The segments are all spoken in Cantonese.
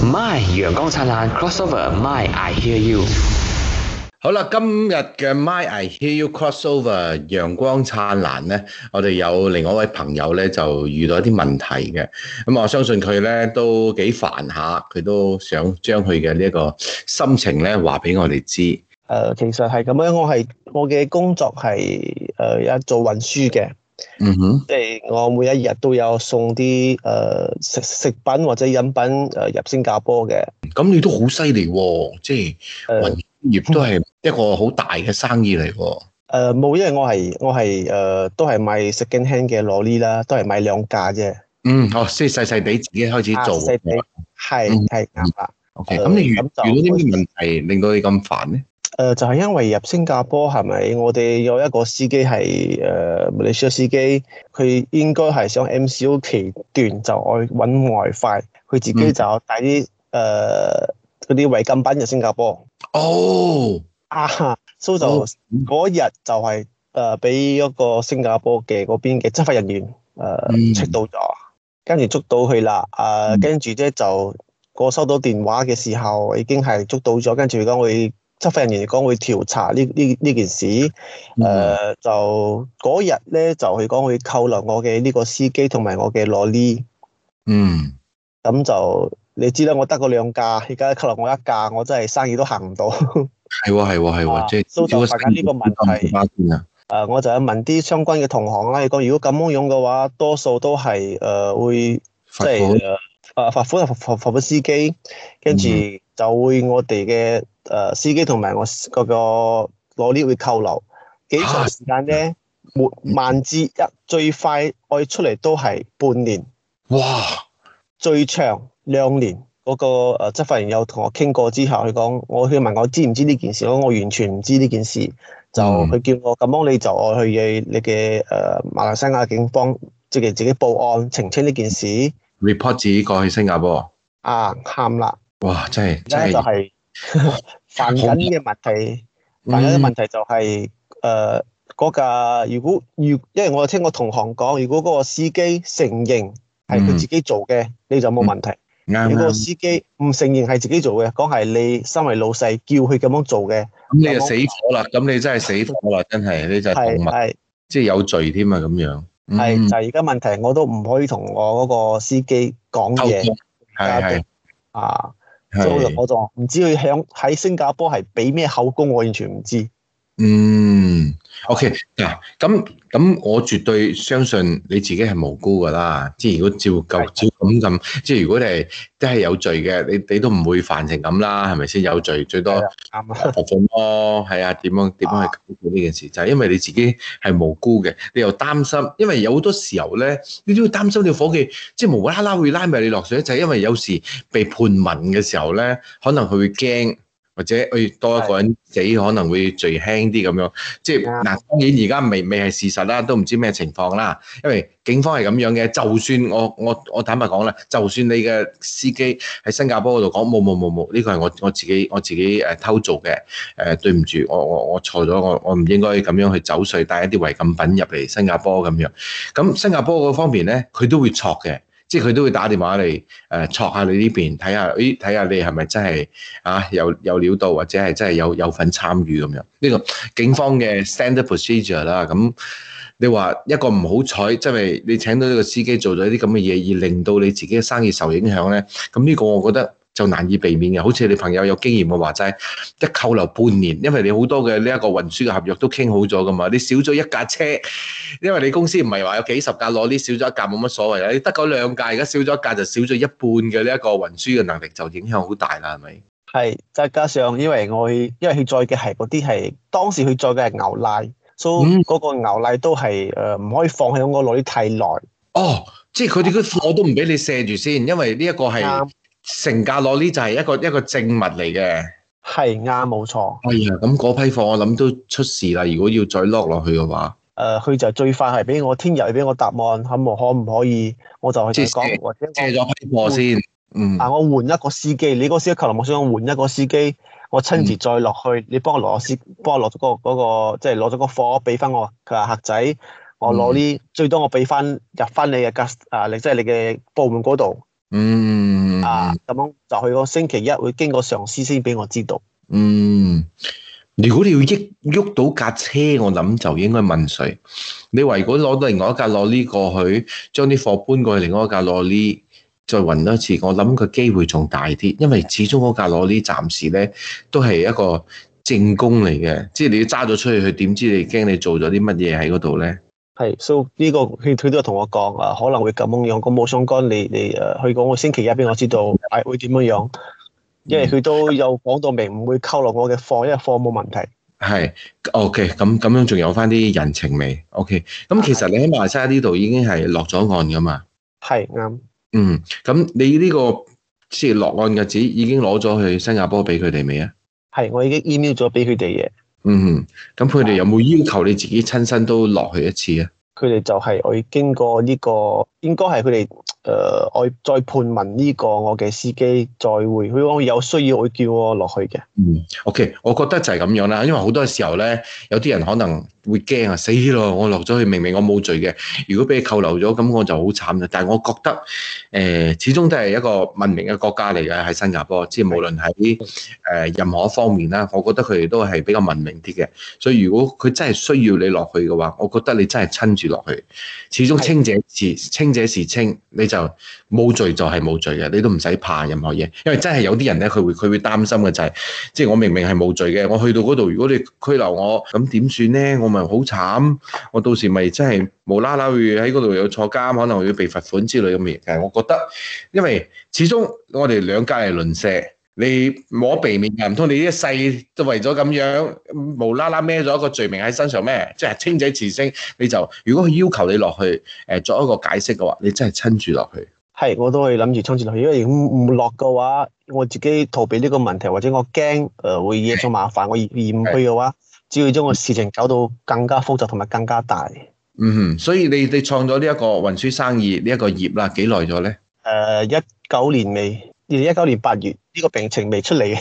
My 陽光燦爛，crossover。Sover, My I Hear You。好啦，今日嘅 My I Hear You crossover，陽光燦爛咧，我哋有另外一位朋友咧，就遇到一啲問題嘅。咁我相信佢咧都幾煩下，佢都想將佢嘅呢一個心情咧話俾我哋知。誒、呃，其實係咁樣，我係我嘅工作係誒一做運輸嘅。嗯哼，即係我每一日都有送啲誒食食品或者飲品誒入新加坡嘅。咁你都好犀利，即係運業，業都係一個好大嘅生意嚟。誒冇、呃，因為我係我係誒都係買 second hand 嘅羅厘啦，都係買兩架。啫，嗯，哦，即係細細地自己開始做，係係啱啦。嗯、OK，咁你遇遇到啲咩問題令到你咁煩咧？誒、呃、就係、是、因為入新加坡係咪？我哋有一個司機係誒物流公司司機，佢應該係想 MCO 期段就愛揾外快，佢自己就帶啲誒嗰啲違禁品入新加坡。哦，啊，蘇州嗰日就係誒俾一個新加坡嘅嗰邊嘅執法人員誒識、呃嗯、到咗，跟住捉到佢啦。誒跟住咧就我收到電話嘅時候已經係捉到咗，跟住咁我。執法人員嚟講會調查呢呢呢件事，嗯、誒、呃、就嗰日咧就係講會扣留我嘅呢個司機同埋我嘅羅尼。嗯，咁就你知啦，我得個兩架，而家扣留我一架，我真係生意都行唔到。係喎係喎係喎，即係都就係講呢個問題。誒，我就問啲相關嘅同行啦，佢講，啊啊、如果咁樣嘅話，多數都係誒、呃呃、會即係誒罰款啊，罰罰罰司機，跟住就會我哋嘅。嗯呃嗯嗯嗯誒，司機同埋我嗰個攞呢會扣留幾長時間咧？沒萬至一最快愛出嚟都係半年。哇，最長兩年。嗰，那個誒執法人有同我傾過之後，佢講：，我去問我知唔知呢件事？我完全唔知呢件事。哦，就佢叫我咁樣，你就我去嘅你嘅誒馬來西亞警方，即係自己報案澄清呢件事。report 自己過去新加坡。啊，喊啦！哇，真係，就係，真係是。 犯緊嘅問題，犯緊嘅問題就係誒嗰架。如果如，因為我聽我同行講，如果嗰個司機承認係佢自己做嘅，你就冇問題。如果司機唔承認係自己做嘅，講係你身為老細叫佢咁樣做嘅，咁你就死火啦。咁你真係死火啦，真係呢就係即係有罪添啊咁樣。係就係而家問題，我都唔可以同我嗰個司機講嘢。係係啊。所以我就唔知佢響喺新加坡係畀咩口供，我完全唔知。嗯，OK 嗱，咁咁我絕對相信你自己係無辜噶啦，即係如果照舊照咁咁，即係的如果你係真係有罪嘅，你你都唔會犯成咁啦，係咪先有罪最多啱，多係的、嗯、啊？點樣點樣去解決呢件事？就係、是、因為你自己係無辜嘅，你又擔心，因為有好多時候咧，你都會擔心你伙計即係無啦啦會拉埋你落水，就係、是、因為有時被判刑嘅時候咧，可能佢會驚。或者去多一個人死的可能會最輕啲咁樣，即係嗱，當然而家未未係事實啦，都唔知咩情況啦。因為警方係咁樣嘅，就算我我我坦白講啦，就算你嘅司機喺新加坡嗰度講，冇冇冇冇，呢、這個係我我自己我自己誒偷做嘅。誒、呃、對唔住，我我我錯咗，我我唔應該咁樣去走水，帶一啲違禁品入嚟新加坡咁樣。咁新加坡嗰方面咧，佢都會錯嘅。即係佢都會打電話嚟，誒、呃，戳下你呢邊，睇下，咦、哎，睇下你係咪真係啊，有有料到，或者係真係有有份參與咁樣？呢個警方嘅 standard procedure 啦。咁你話一個唔好彩，即係你請到呢個司機做咗啲咁嘅嘢，而令到你自己嘅生意受影響咧。咁呢個我覺得。就難以避免嘅，好似你朋友有經驗嘅話齋，一扣留半年，因為你好多嘅呢一個運輸嘅合約都傾好咗㗎嘛，你少咗一架車，因為你公司唔係話有幾十架攞啲，少咗一架冇乜所謂啦，你得嗰兩架而家少咗一架就少咗一半嘅呢一個運輸嘅能力就影響好大啦，係咪？係，再加上因為我因為佢載嘅係嗰啲係當時佢載嘅係牛奶，所以嗰個牛奶都係誒唔可以放喺個倉太耐。哦，即係佢哋啲貨都唔俾你卸住先，因為呢一個係。成價攞呢就係一個一個證物嚟嘅，係啱冇錯。係咁嗰批貨我諗都出事啦。如果要再落落去嘅話，誒、呃，佢就最快係俾我，聽日係俾我答案，可冇可唔可以？我就係講或者借咗批貨先，嗯，啊，我換一個司機，你嗰個司機，林生我想換一個司機，我親自再落去，嗯、你幫我攞，幫我攞咗個嗰個，即係攞咗個貨俾翻我嘅客仔，我攞呢。嗯、最多我俾翻入翻你嘅客，啊，即係你嘅部門嗰度，嗯。啊，咁樣就去個星期一，會經過上司先俾我知道。嗯，如果你要益喐到架車，我諗就應該問誰。你唯管攞到另外一架攞呢過去，將啲貨搬過去另外一架攞呢，再運多次，我諗個機會仲大啲。因為始終嗰架攞呢暫時咧都係一個正工嚟嘅，即係你揸咗出去，佢點知你驚你做咗啲乜嘢喺嗰度咧？係，so 呢個佢佢都有同我講啊，可能會咁樣，咁冇相干，你你誒，佢講個星期一俾我知道，會點樣樣？因為佢都有講到明，唔會扣落我嘅貨，因為貨冇問題。係，OK，咁咁樣仲有翻啲人情味。OK，咁其實你喺馬來西亞呢度已經係落咗案噶嘛？係，啱。嗯，咁你呢個即係落案嘅紙已經攞咗去新加坡俾佢哋未啊？係，我已經 email 咗俾佢哋嘅。嗯，咁佢哋有冇要求你自己親身都落去一次啊？佢哋就係我經過呢個，應該係佢哋誒，我再判問呢個我嘅司機再會，佢講有需要我叫我落去嘅。嗯，OK，我覺得就係咁樣啦，因為好多時候咧，有啲人可能。會驚啊！死咯！我落咗去，明明我冇罪嘅。如果俾你扣留咗，咁我就好慘啦。但係我覺得，誒、呃，始終都係一個文明嘅國家嚟嘅喺新加坡，即係無論喺誒、呃、任何方面啦，我覺得佢哋都係比較文明啲嘅。所以如果佢真係需要你落去嘅話，我覺得你真係親住落去，始終清者是清，清者是清，你就冇罪就係冇罪嘅，你都唔使怕任何嘢。因為真係有啲人咧，佢會佢會擔心嘅就係、是，即係我明明係冇罪嘅，我去到嗰度，如果你拘留我，咁點算咧？我。好慘！我到時咪真係無啦啦，會喺嗰度有坐監，可能會被罰款之類咁嘅嘢。其實的我覺得，因為始終我哋兩家係鄰舍，你冇得避免，唔通你一世都為咗咁樣，無啦啦孭咗一個罪名喺身上咩？即係清者自清，你就如果佢要求你落去誒作一個解釋嘅話，你真係撐住落去。係，我都係諗住撐住落去。因為如果唔落嘅話，我自己逃避呢個問題，或者我驚誒會惹咗麻煩，我而唔去嘅話。的只會將個事情搞到更加複雜同埋更加大。嗯、mm，hmm. 所以你你創咗呢一個運輸生意呢一個業啦，幾耐咗咧？誒，一九年尾。二零一九年八月呢、呢個病情未出嚟嘅、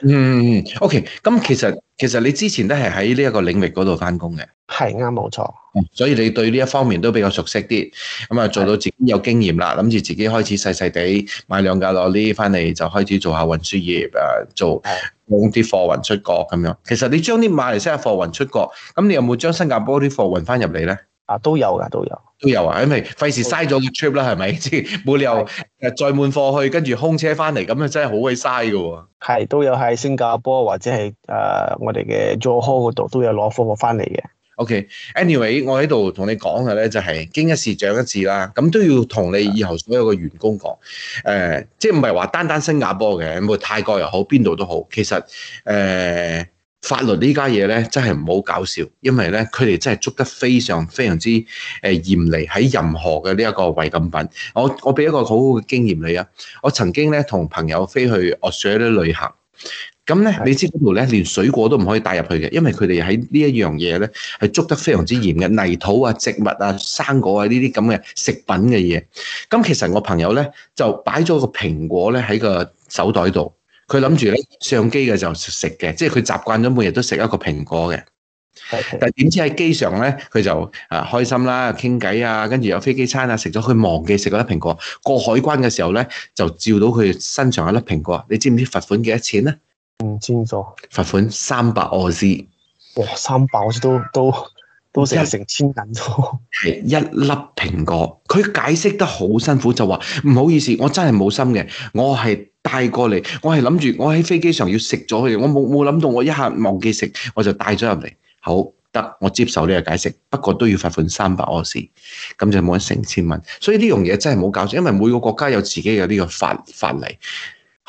嗯。嗯，OK。咁其實其實你之前都係喺呢一個領域嗰度翻工嘅。係啱冇錯、嗯。所以你對呢一方面都比較熟悉啲。咁啊做到自己有經驗啦，諗住自己開始細細地買兩架羅尼翻嚟就開始做下運輸業啊，做啲貨運出國咁樣。其實你將啲馬來西亞貨運出國，咁你有冇將新加坡啲貨運翻入嚟呢？啊，都有噶，都有，都有啊，因為費事嘥咗個 trip 啦，係咪？即係冇理由誒載滿貨去，跟住空車翻嚟，咁啊真係好鬼嘥噶。係，都有喺新加坡或者係誒、呃、我哋嘅 Johor 嗰度都有攞貨物翻嚟嘅。OK，anyway，okay。我喺度同你講嘅咧就係、是、經一事長一智啦，咁都要同你以後所有嘅員工講，誒、呃，即係唔係話單單新加坡嘅，無論泰國又好，邊度都好，其實誒。呃法律呢家嘢咧，真係唔好搞笑，因為咧佢哋真係捉得非常非常之誒嚴厲，喺任何嘅呢一個違禁品。我我俾一個好好嘅經驗你啊，我曾經咧同朋友飛去 Australia 旅行，咁咧你知嗰度咧連水果都唔可以帶入去嘅，因為佢哋喺呢一樣嘢咧係捉得非常之嚴嘅，泥土啊、植物啊、生果啊呢啲咁嘅食品嘅嘢。咁其實我朋友咧就擺咗個蘋果咧喺個手袋度。佢諗住咧，上機嘅就食嘅，即係佢習慣咗每日都食一個蘋果嘅。Okay. 但點知喺機上咧，佢就啊開心啦，傾偈啊，跟住有飛機餐啊，食咗佢忘記食嗰粒蘋果。過海關嘅時候咧，就照到佢身上有粒蘋果。你知唔知罰款幾多錢咧？唔清楚。罰款三百俄斯。哇！三百好似都都。都一成千咁多，一粒蘋果。佢解釋得好辛苦，就話唔好意思，我真係冇心嘅，我係帶過嚟，我係諗住我喺飛機上要食咗佢，我冇冇諗到我一下忘記食，我就帶咗入嚟。好得，我接受呢個解釋，不過都要罰款三百澳幣，咁就冇得成千蚊。所以呢樣嘢真係冇搞笑，因為每個國家有自己有呢個法法例。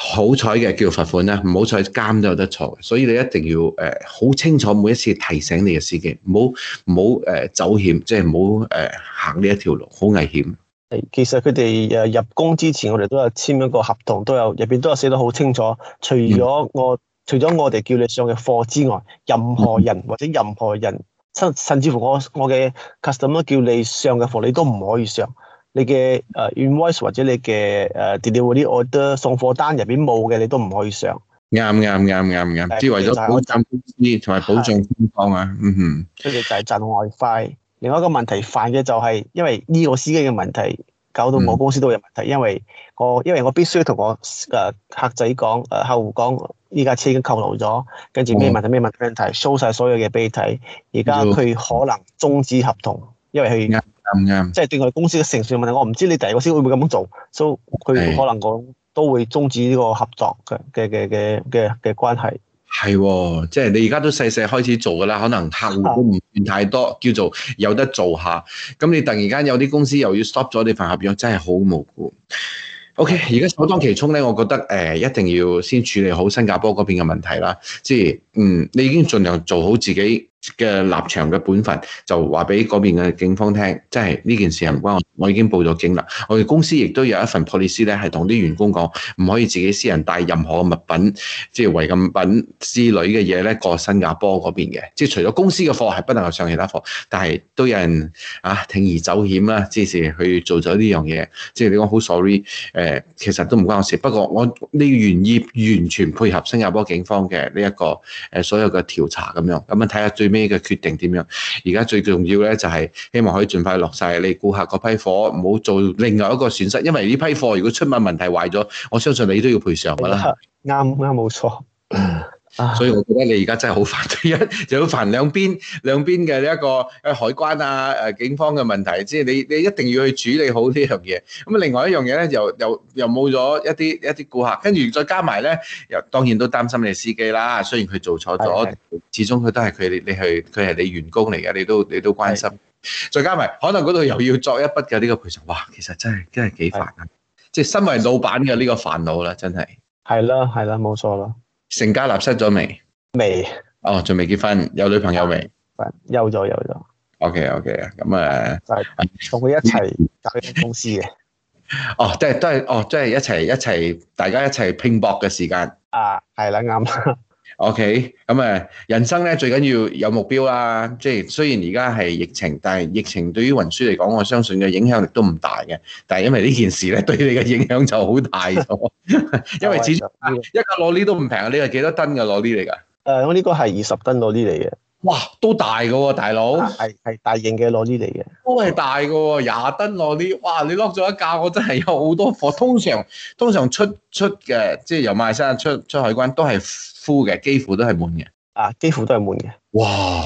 好彩嘅叫罰款啦，唔好彩監都有得坐，所以你一定要誒好清楚每一次提醒你嘅司機，唔好唔好誒走險，即係唔好誒行呢一條路，好危險。係，其實佢哋誒入工之前，我哋都有簽一個合同，都有入邊都有寫得好清楚，除咗我除咗我哋叫你上嘅課之外，任何人或者任何人甚甚至乎我我嘅 customer 都、er、叫你上嘅課，你都唔可以上。你嘅誒 invoice 或者你嘅誒 delivery order 送貨單入邊冇嘅，你都唔可以上。啱啱啱啱啱，即、嗯、係、嗯嗯、為咗保障公司同埋的保障點講啊。嗯哼，跟住就係賺外快。另外一個問題煩嘅就係、是，因為呢個司機嘅問題，搞到我公司都會有問題。嗯、因為我因為我必須要同我誒客仔講誒客戶講，依家車已經扣留咗，跟住咩問題咩問題問題，收晒、嗯、所有嘅備體。而家佢可能終止合同，因為佢、嗯。咁嘅，即係、嗯、對我哋公司嘅誠信問題，我唔知你第二個先會唔會咁樣做，所以佢可能我都會終止呢個合作嘅嘅嘅嘅嘅關係。係，即係你而家都細細開始做噶啦，可能客戶都唔算太多，的叫做有得做下。咁你突然間有啲公司又要 stop 咗呢份合約，真係好無辜。O K，而家首當其衝咧，我覺得誒，一定要先處理好新加坡嗰邊嘅問題啦。即係，嗯，你已經盡量做好自己。嘅立場嘅本分就話俾嗰邊嘅警方聽，即係呢件事係唔關我，我已經報咗警啦。我哋公司亦都有一份 policy 咧，係同啲員工講，唔可以自己私人帶任何物品，即係違禁品之類嘅嘢咧過新加坡嗰邊嘅。即係除咗公司嘅貨係不能夠上其他貨，但係都有人啊鋌而走險啦，即是去做咗呢樣嘢。即係你講好 sorry，誒，其實都唔關我事。不過我呢願意完全配合新加坡警方嘅呢一個誒所有嘅調查咁樣，咁啊睇下最。咩嘅決定點樣？而家最重要咧，就係希望可以盡快落晒你顧客嗰批貨，唔好做另外一個損失。因為呢批貨如果出問，問題壞咗，我相信你都要賠償噶啦。啱啱冇錯。 所以我覺得你而家真係好煩，一就好煩兩邊兩邊嘅呢一個誒海關啊、誒警方嘅問題，即係你你一定要去處理好呢樣嘢。咁另外一樣嘢咧，又又又冇咗一啲一啲顧客，跟住再加埋咧，又當然都擔心你司機啦。雖然佢做錯咗，始終佢都係佢你係佢係你員工嚟嘅，你都你都關心。是的 再加埋，可能嗰度又要作一筆嘅呢個賠償。哇，其實真係真係幾煩啊！是的 即係身為老闆嘅呢個煩惱啦，真係係啦係啦，冇錯啦。成家立室咗未？未。哦，仲未結婚，有女朋友未？有咗，嗯，有咗。O K O K 啊，咁啊，同佢一齊開公司嘅、 哦。哦，即係都係，哦，即係一齊一齊，大家一齊拼搏嘅時間。啊，係啦，啱。O K，咁誒人生咧最緊要有目標啦。即係雖然而家係疫情，但係疫情對於運輸嚟講，我相信嘅影響力都唔大嘅。但係因為呢件事咧，對你嘅影響就好大咗。 因為始終一個攞呢都唔平，你係幾多噸嘅攞呢嚟㗎？誒，我呢個係二十噸攞呢嚟嘅。哇，都大嘅喎、啊，大佬係係大型嘅攞呢嚟嘅，都係大嘅喎、啊，廿噸攞呢。哇，你攞咗一架，我真係有好多貨。通常通常出出嘅，即係由賣身出出，出海關都係。幾乎都係滿嘅，啊，幾乎都係滿嘅。哇，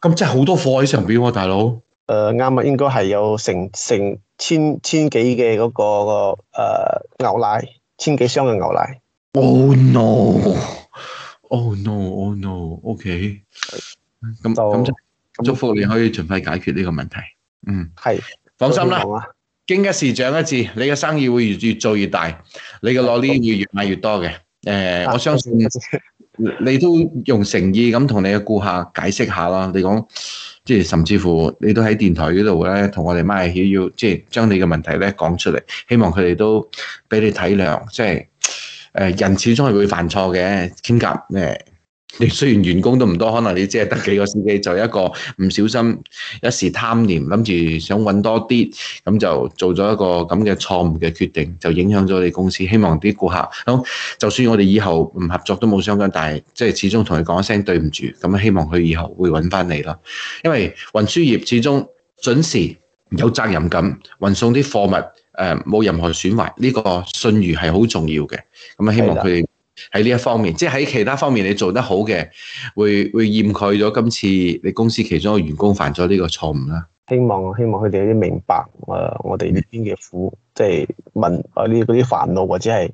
咁真係好多貨喺上邊喎、啊，大佬。誒，啱啊，應該係有成成千千幾嘅、嗰個誒、呃、牛奶，千幾箱嘅牛奶。Oh no! Oh no! Oh no! Okay，咁就咁祝福你可以盡快解決呢個問題。嗯，係的，放心啦，經一事，長一智，你嘅生意會越越做越大，你嘅攞呢會越賣越，越多嘅。嗯嗯誒、呃，我相信你都用誠意咁同你嘅顧客解釋下啦。你講即係甚至乎你都喺電台嗰度咧，同我哋媽咪要要即係將你嘅問題咧講出嚟，希望佢哋都俾你體諒。即係誒、呃、人始終係會犯錯嘅，傾偈嘅。呃你雖然員工都唔多，可能你只係得幾個司機，就一個唔小心，一時貪念，諗住想揾多啲，咁就做咗一個咁嘅錯誤嘅決定，就影響咗你公司。希望啲顧客咁，就算我哋以後唔合作都冇相干，但係即係始終同佢講一聲對唔住，咁希望佢以後會揾翻你咯。因為運輸業始終準時、有責任感，運送啲貨物誒冇、呃、任何損壞，呢、這個信譽係好重要嘅。咁希望佢哋。喺呢一方面，即係喺其他方面你做得好嘅，會會掩蓋咗今次你公司其中嘅員工犯咗呢個錯誤啦。希望希望佢哋啲明白，誒，我哋呢邊嘅苦，即係、嗯、問啊呢嗰啲煩惱或者係誒，即、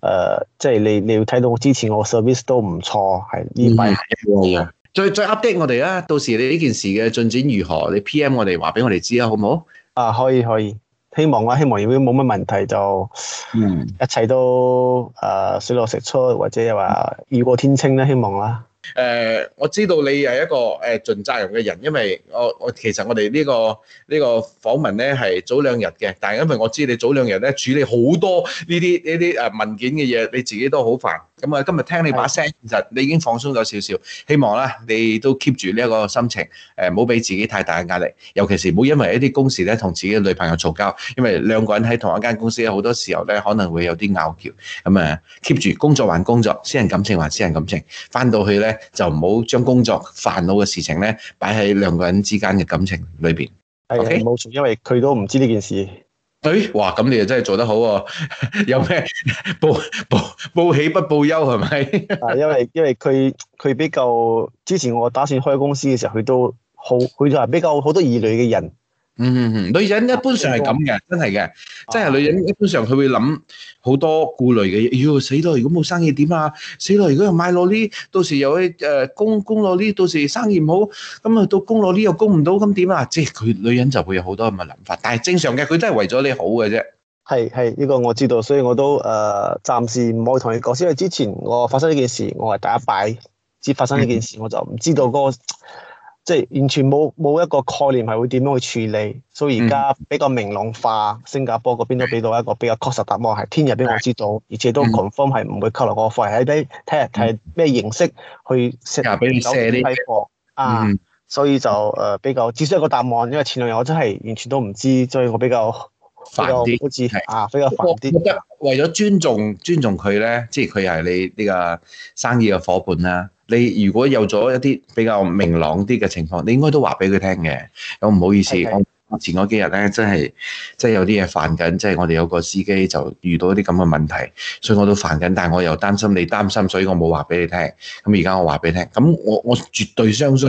呃、係、即係、你你要睇到我之前我 service 都唔錯，係呢位係一再再 update 我哋啦，到時你呢件事嘅進展如何？你 PM 我哋話俾我哋知啊，好唔好？啊，可以可以。希望啦，希望如果冇乜問題就，嗯，一切都誒水落石出，或者又話雨過天青啦。希望啦。誒、嗯，我知道你係一個誒盡責任嘅人，因為我我其實我哋呢、呢個呢、呢個訪問咧係早兩日嘅，但係因為我知你早兩日咧處理好多呢啲呢啲誒文件嘅嘢，你自己都好煩。咁啊，今日聽你把聲，其實你已經放鬆咗少少。希望咧，你都 keep 住呢一個心情，唔好俾自己太大嘅壓力。尤其是唔好因為一啲公事咧，同自己女朋友嘈交，因為兩個人喺同一間公司，好多時候咧可能會有啲拗撬。咁啊，keep 住工作還工作，私人感情還私人感情。翻到去咧就唔好將工作煩惱嘅事情咧擺喺兩個人之間嘅感情裏邊。係冇錯，Okay？因為佢都唔知呢件事。誒、哎，哇！咁你又真係做得好喎、啊， 有咩什麼 報報，報喜不報憂係咪？啊， 因為因為佢佢比較之前我打算開公司嘅時候，佢都好，佢就係比較好多疑慮嘅人。嗯嗯，女人一般上係咁嘅，啊、真係嘅，即係、啊、女人一般上佢會諗好多顧慮嘅嘢。妖、哎、死咯，如果冇生意點啊？死咯，如果又買落呢，到時又去誒供供落呢，到時生意唔好，咁啊到供落呢又供唔到，咁點啊？即係佢女人就會有好多咁嘅諗法，但係正常嘅，佢都係為咗你好嘅啫。係係呢個我知道，所以我都誒暫、呃、時唔可以同你講，因為之前我發生呢件事，我係第一擺，至發生呢件事，嗯、我就唔知道嗰、那個。即係完全冇冇一個概念係會點樣去處理，所以而家比較明朗化。新加坡嗰邊都俾到一個比較確實答案，係聽日俾我知道，而且都 confirm 係唔會扣留我貨，係睇睇日睇咩形式去卸走批貨啊。嗯、所以就誒比較至少一個答案，因為前兩日我真係完全都唔知，所以我比較。煩啲，係啊，比較煩啲。的我覺得為咗尊重，尊重佢咧，即係佢係你呢個生意嘅夥伴啦。你如果有咗一啲比較明朗啲嘅情況，你應該都話俾佢聽嘅。我唔好意思，的我前嗰幾日咧，真係真係有啲嘢煩緊，即係我哋有個司機就遇到啲咁嘅問題，所以我都煩緊。但係我又擔心你擔心，所以我冇話俾你聽。咁而家我話俾你聽，咁我我絕對相信，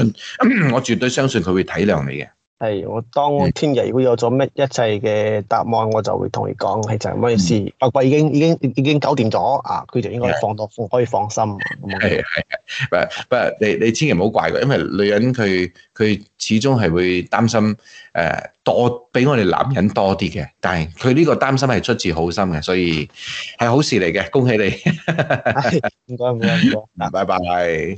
我絕對相信佢會體諒你嘅。係我當聽日如果有咗乜一切嘅答案，我就會同你講係就係乜事，物櫃已經已經已經搞掂咗啊！佢就應該放得可可以放心。係係，不不，你你千祈唔好怪佢，因為女人佢佢始終係會擔心誒多比我哋男人多啲嘅，但係佢呢個擔心係出自好心嘅，所以係好事嚟嘅，恭喜你！唔該唔該，拜拜。